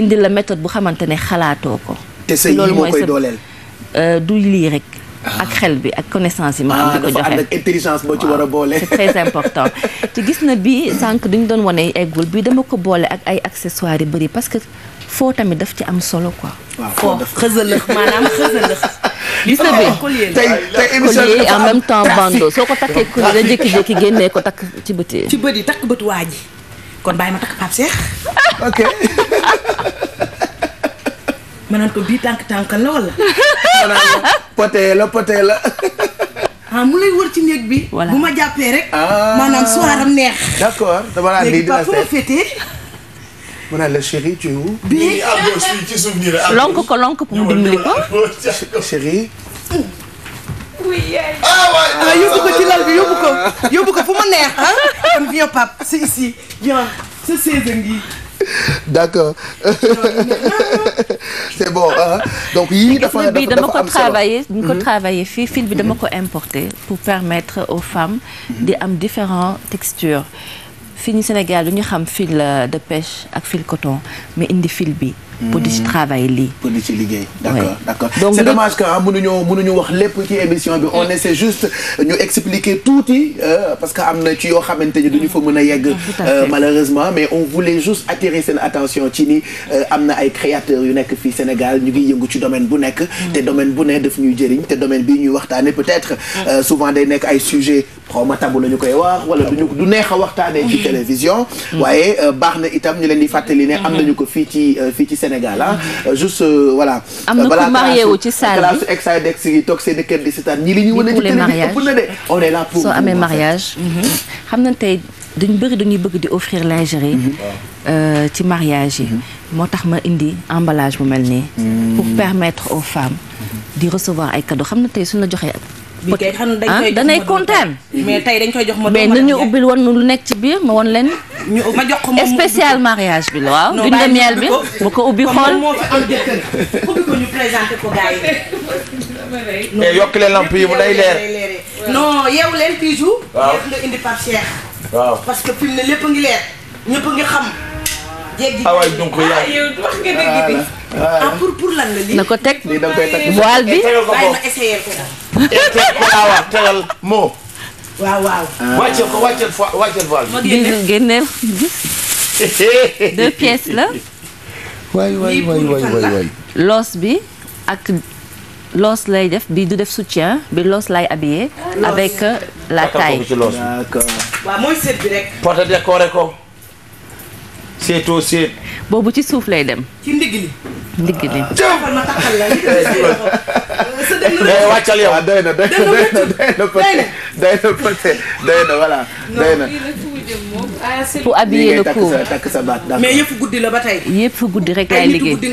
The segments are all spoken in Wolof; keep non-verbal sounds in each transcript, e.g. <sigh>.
indi la méthode bu xamante ne xalaatoo ko. te sa yii moo koy du lii rek. Ah. ak xel bi ak connaissance yi. ma ah, am di ko joxe ak intelligence boo a boole. c'est très important <laughs> te gis na bi sànq duñ doon wane eggul bi dama ko boole ak ay accessoires yu bëri parce que foo tamit daf ci am solo quoi. waaw foo xësalëx <laughs> maanaam xësalëx. gis na bi <laughs> tey tey émission bi en même temps bandeau soo ko takkee collier da jékki-jékki génnee ko takk ci bët yi. ci bët yi takk bët waa kon bàyyi ma takk Pape Cheikh. ma naan ko bii tànk tànkal <laughs> la wala. potee la potee la. ah mu lay wër ci néeg bi. bu ma jàppee rek. Ah. maanaam soiram neex. d'accord dama naan lii la chérie tu es où. bii ci ah, ah, lonk ko lonk pour mu dimbali ko. <laughs> chérie. oui yóbbu ko ci lal bi yóbbu ko yóbbu ko fu ma neex ah. kon viens Pape c'est ici sa saison gi. <laughs> d'accord <laughs> c'est bon hein? donc yii dafa dafa dama ko hmm? travailler fii fil bi dama hmm. ko importer pour permettre aux femmes di am différentes textures fii ñu Sénégal du ñu xam fil euh, de pêche ak fil coton mais indi fil bi pour di ci hmm. travail lii. pour di donc c'est dommage que ah, mënuñoo mënuñu wax lépp ci émission on essaie juste ñu expliquer tuuti euh, parce que am na ci yoo xamante ni duñu fa mën a yegg. Ah, euh, malheureusement mais on voulait juste attirer seen attention ci ni euh, am na ay créateurs yu nekk fii Sénégal ñu ngi yëngu ci domaine bu nekk. Hmm. te domaine bu ne daf ñuy jëriñ te domaine bii ñuy waxtaanee peut-être ah. souvent day nekk ay sujets xaw ma tabu la ñu koy wax du neex a waxtaanee ci hmm. télévision. Sénégal ah. juste euh, voilà. am na euh, ku marié wu ci salle bi balaa dex yi toog seen i kër di na de on est là pour. soo amee mariage. Mhm. Mhm. xam na tey dañu bëri dañuy bëgg di offrir lingerie. Mhm. ci mariage yi. moo tax ma indi emballage bu mel nii. pour permettre aux femmes. di recevoir ay cadeaux xam na tey suñu la joxee. bi kay xam dañ ah, koy danay kontaan. mais tey dañ koy jox ma mais nañu ubbil woon lu nekk ci biir ma woon leen. ñu ma jox ko moom spécial mariage bi la waaw. non miel bi bu ko ubbi xool. moo fi am jëkkër ko ñu présenté ko gars yi. Eh, yokk leen lamp yi mu day leer. non yeewu leen toujours. waaw nga indi Pape Cheikh. waaw parce que fi mu ne lépp a ngi leer ñëpp ngi xam. awaay ah, ah, na ko teg voile bi. ko daal. tegal ah. génneel gis. deux la. waay waay waay loos bi ak. loos lay def bi du def soutien bi loos lay habillé. avec la taille. d'accord. waaw mooy ko. seetoo seet. boobu ci suuf lay dem. ndigg li. ndigg li. Ah, ma taxal la li <laughs> day wàccal yow ah, day na day na day na day na na peut day na voilà day na. Ah, pour habiller le guddi la ba tey. yëpp guddi rek laay liggéey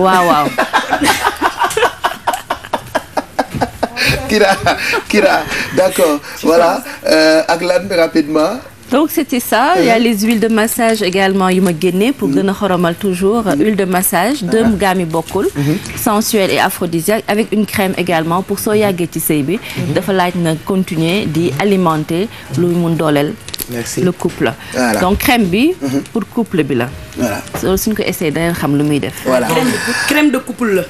waaw waaw. <laughs> Kira Kira d'accord <laughs> voilà euh, ak lan rapidement. donc c'était ça il y a euh. les huiles de massage également yu ma génnee pour mm-hmm. gën a xoromal toujours euh, huile de massage de ah. gamme yi bokkul mm-hmm. sensuelle et aphrodisiaque avec une crème également pour soo yàggee ci sëy bi mm-hmm. dafa laaj na continuer di alimenter lu mun dooleel Merci. le couple. donc crème bi. pour couple bi la. voilà suñ ko essayé danañ xam lu muy def. voilà crème de couple